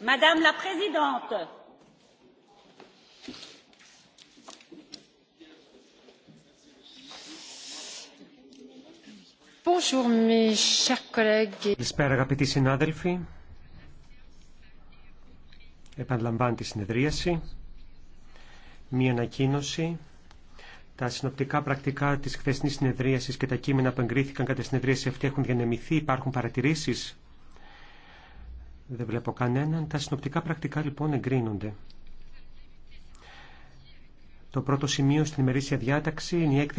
Madame la Présidente, mes chers collègues. Καλησπέρα αγαπητοί συνάδελφοι. Επαναλαμβάνει τη συνεδρίαση. Μία ανακοίνωση. Τα συνοπτικά πρακτικά τη χθεσινής συνεδρίασης και τα κείμενα που εγκρίθηκαν κατά τη συνεδρίαση αυτή έχουν διανεμηθεί. Υπάρχουν παρατηρήσει. Δεν βλέπω κανέναν. Τα συνοπτικά πρακτικά λοιπόν εγκρίνονται. Το πρώτο σημείο στην ημερήσια διάταξη είναι η έκθεση